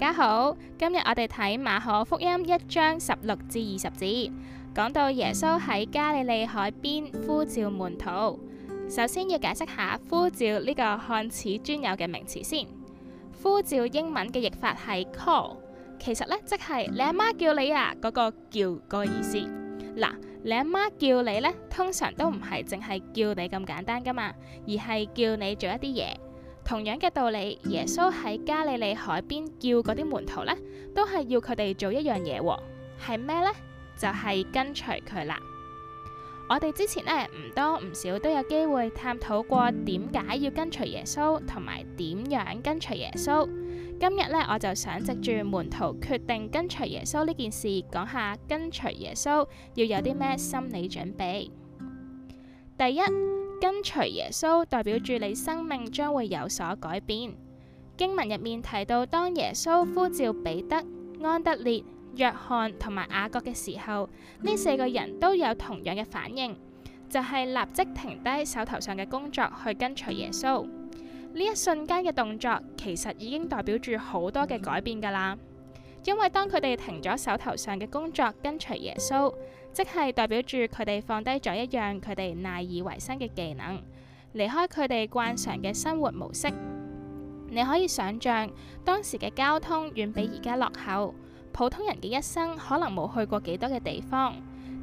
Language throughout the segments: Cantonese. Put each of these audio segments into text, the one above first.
大家好，今日我哋睇馬可福音一章十六至二十節，講到耶穌喺加利利海邊呼召門徒。首先要解釋下呼召呢個看似專有嘅名詞先。呼召英文嘅譯法係 call，其實呢即係你阿媽叫你啊嗰個叫嗰個意思。嗱，你阿媽叫你呢，通常都唔係淨係叫你咁簡單噶嘛，而係叫你做一啲嘢。同樣嘅道理，耶穌喺加利利海邊叫嗰啲門徒呢，都係要佢哋做一樣嘢，係咩呢？就係跟隨佢啦。我哋之前呢，唔多唔少都有機會探討過點解要跟隨耶穌，同埋點樣跟隨耶穌。今日呢，我就想藉住門徒決定跟隨耶穌呢件事，講下跟隨耶穌要有啲咩心理準備。第一。跟隨耶穌，代表住你生命將會有所改變。經文入面提到，當耶穌呼召彼得、安德烈、約翰同埋雅各嘅時候，呢四個人都有同樣嘅反應，就係、是、立即停低手頭上嘅工作去跟隨耶穌。呢一瞬間嘅動作，其實已經代表住好多嘅改變噶啦，因為當佢哋停咗手頭上嘅工作跟隨耶穌。即係代表住佢哋放低咗一樣佢哋賴以為生嘅技能，離開佢哋慣常嘅生活模式。你可以想像當時嘅交通遠比而家落後，普通人嘅一生可能冇去過幾多嘅地方。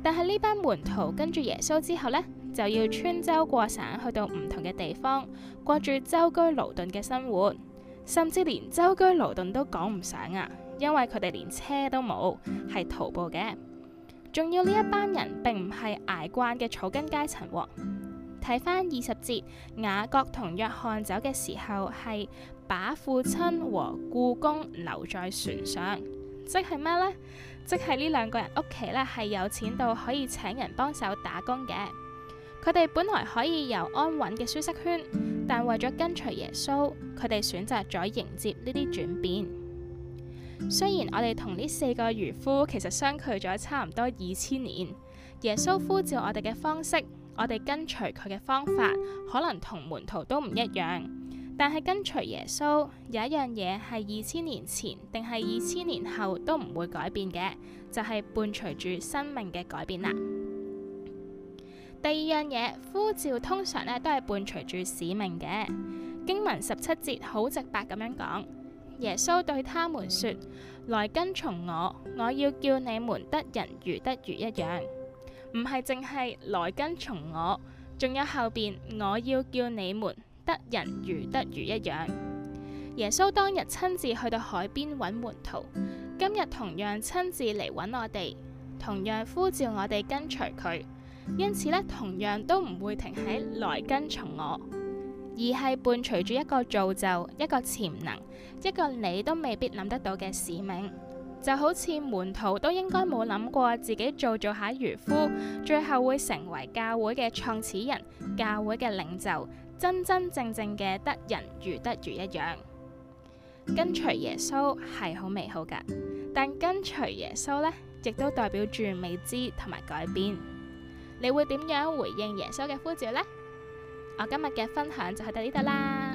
但係呢班門徒跟住耶穌之後呢，就要穿州過省去到唔同嘅地方，過住舟車勞頓嘅生活，甚至連舟車勞頓都講唔上啊，因為佢哋連車都冇，係徒步嘅。仲要呢一班人並唔係捱慣嘅草根階層喎。睇返二十節，雅各同約翰走嘅時候係把父親和雇工留在船上，即係咩呢？即係呢兩個人屋企咧，係有錢到可以請人幫手打工嘅。佢哋本來可以由安穩嘅舒適圈，但為咗跟隨耶穌，佢哋選擇咗迎接呢啲轉變。雖然我哋同呢四個漁夫其實相距咗差唔多二千年，耶穌呼召我哋嘅方式，我哋跟隨佢嘅方法，可能同門徒都唔一樣。但係跟隨耶穌有一樣嘢係二千年前定係二千年後都唔會改變嘅，就係伴隨住生命嘅改變啦。第二樣嘢，呼召通常咧都係伴隨住使命嘅。經文十七節好直白咁樣講。耶穌對他們說：來跟從我，我要叫你們得人如得魚一樣。唔係淨係來跟從我，仲有後邊我要叫你們得人如得魚一樣。耶穌當日親自去到海邊揾門徒，今日同樣親自嚟揾我哋，同樣呼召我哋跟隨佢，因此咧同樣都唔會停喺來跟從我。而係伴隨住一個造就、一個潛能、一個你都未必諗得到嘅使命，就好似門徒都應該冇諗過自己做做下漁夫，最後會成為教會嘅創始人、教會嘅領袖，真真正正嘅得人如得魚一樣。跟隨耶穌係好美好噶，但跟隨耶穌呢，亦都代表住未知同埋改變。你會點樣回應耶穌嘅呼召呢？我今日嘅分享就係到呢度啦。